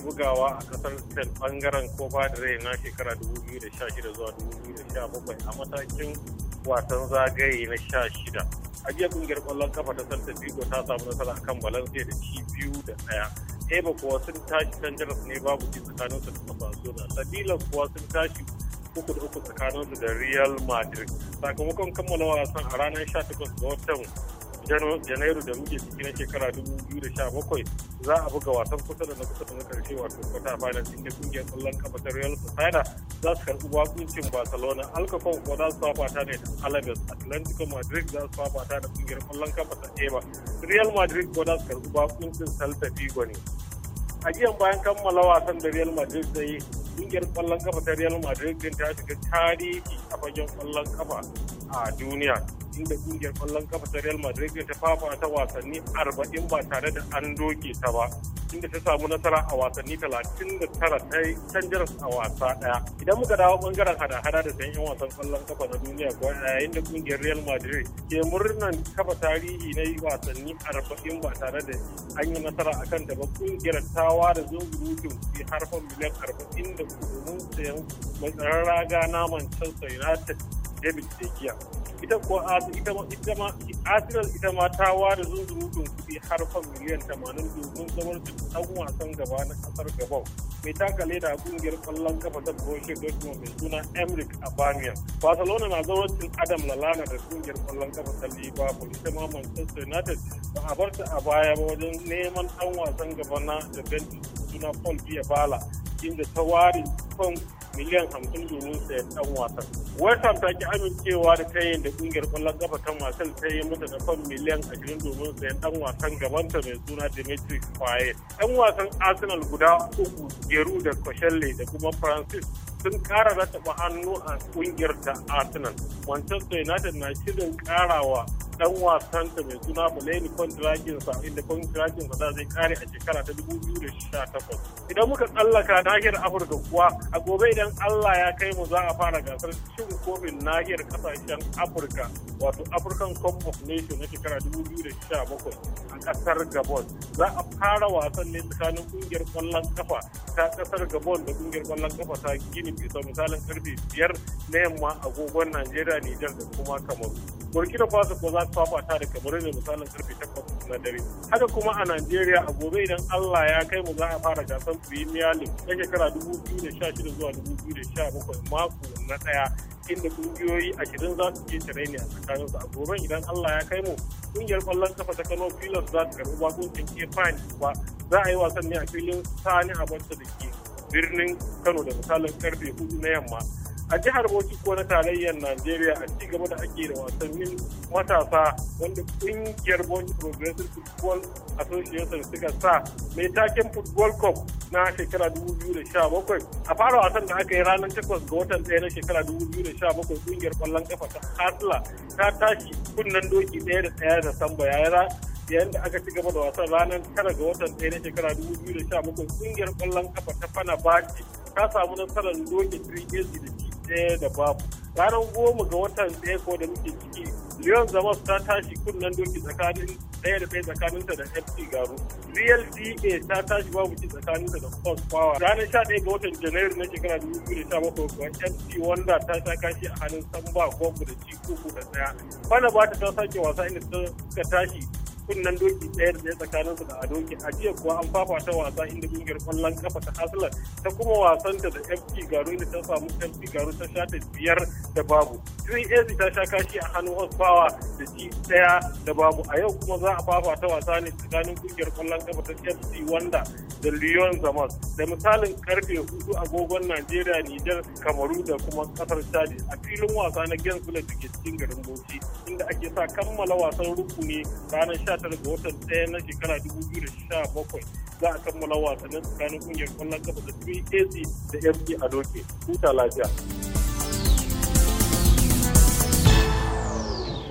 suke bugawa a kasar spain bangaren copa del rey na shekara 2016 zuwa 2017 a matakin wasan zagaye na 16 a jiya kungiyar kwallon kafa ta santa vigo ta samu nasara kan valencia da ci biyu da daya eba kuwa sun tashi can jaras ne babu ci tsakanin su da faso da sabila kuwa sun tashi uku da uku tsakanin su da real madrid sakamakon kammala wasan a ranar 18 ga watan janairu da muke ciki na shekara 2017 za a buga wasan kusa da na kusa da na karshe wato kwata final inda kungiyar tsallon kafa ta Real Sociedad za su karbi wakuncin Barcelona Alcacon ko za su fafata ne da Alaves Atlantico Madrid za su fafata da kungiyar tsallon kafa ta Eva Real Madrid ko za su karbi wakuncin Celta Vigo ne a jiyan bayan kammala wasan da Real Madrid ta yi kungiyar kwallon kafa ta Real Madrid din ta shiga tarihi a fagen kwallon kafa a duniya inda kungiyar kwallon kafa ta Real Madrid ta fafa ta wasanni 40 ba tare da an doke ta ba inda ta samu nasara a wasanni 39 ta yi canjar a wasa daya idan muka dawo bangaren hada-hada da sayan yan wasan kwallon kafa na duniya ko yayin da kungiyar Real Madrid ke murnan kafa tarihi na yi wasanni 40 ba tare da an yi nasara a kan ba kungiyar ta ware zungurutun fi harfan miliyan 40 da domin sayan mai tsararraga raga na Manchester United david da giya ita kuwa arsenal ita ma ta ware zunzurutun kuɗi har fan miliyan 80 domin zamar dan wasan gaba na kasar gabon mai taka leda a kungiyar kwallon kafa ta Borussia Dortmund mai suna Emric Aubameyang. Barcelona na zaurancin Adam Lallana da ƙungiyar kwallon kafa ta Liverpool ita ma Manchester United ba a bar ta a baya ba wajen neman ɗan wasan gaba na Juventus suna Paul bala inda ta ware kan miliyan hamsin domin sayan dan wasan. West ta ki amincewa da tayin da kungiyar kwallon kafa ta wasan ta yi mata da fan miliyan ashirin domin sayan dan wasan gabanta mai suna Dimitri Faye. Dan wasan Arsenal guda uku Geru da Koshelle da kuma Francis sun kara taɓa hannu a kungiyar da Arsenal. Manchester United na shirin karawa dan wasan ta mai suna Bulaini kontrakin sa inda kontrakin sa zai kare a shekara ta 2018 idan muka tsallaka nahiyar Afirka kuwa a gobe idan Allah ya kai mu za a fara gasar cin kofin nahiyar kasashen Afirka wato African Cup of Nations na shekara 2017 a kasar Gabon za a fara wasan ne tsakanin kungiyar kwallon kafa ta kasar Gabon da kungiyar kwallon kafa ta Guinea Bissau misalin karfe 5 na yamma agogon Najeriya Nijar da kuma Kamaru burkina faso ko za ta fafata da kamar yadda misalin karfe takwas na dare haka kuma a najeriya a gobe idan allah ya kai mu za a fara gasar premier league ta shekara 2016 zuwa 2017 mako na daya inda kungiyoyi ashirin za su je tireni a tsakanin su a gobe idan Allah ya kai mu kungiyar kwallon kafa ta Kano filon za ta karbi wakuncin Kefan kuwa za a yi wasan ne a filin Sani Abacha da ke birnin Kano da misalin karfe hudu na yamma a jihar bauchi ko na tarayyar najeriya a ci gaba da ake da wasannin matasa wanda kungiyar bauchi progressive football association suka sa mai taken football cup na shekara 2017 a fara wasan da aka yi ranar 8 ga watan 1 na shekara 2017 kungiyar kwallon kafa ta hasla ta tashi kunnen doki ɗaya da ɗaya da samba yayin yayin da aka ci gaba da wasan ranar 9 ga watan 1 na shekara 2017 kungiyar kwallon kafa ta fana baki ta samu nasarar doki 3 da ci ɗaya da babu ranar goma ga watan ɗaya ko da muke ciki Leon Zamos ta tashi kunnen doki tsakanin ɗaya da ɗaya tsakaninta da FC Garu. VLDA ta tashi babu ci tsakaninta da Fox Power. Ranar sha ɗaya ga watan Janairu na shekara dubu biyu da sha bakwai kuwa FC Wanda ta sha kashi a hannun Samba Gogo da ci uku da ɗaya. Fana ba ta sake wasa inda suka tashi kunnen doki tsayar da tsakanin su da doki a jiya kuwa an fafata wasa inda kungiyar kwallon kafa ta aslan ta kuma wasan ta da fc garo inda ta samu fc garo ta sha ta biyar da babu az ta sha kashi a hannun hosbawa da ji daya da babu a yau kuma za a fafata wasa ne tsakanin kungiyar kwallon kafa ta fc wanda da lyon zamas da misalin karfe hudu agogon najeriya nijar kamaru da kuma kasar chadi a filin wasa na gansu da ke cikin garin bauchi inda ake sa kammala wasan rukuni ranar 19 ga watan ɗaya na shekara 2017 za a kammala wasannin tsakanin kungiyar kwallon kafa da 3 ac da fc a doke huta lafiya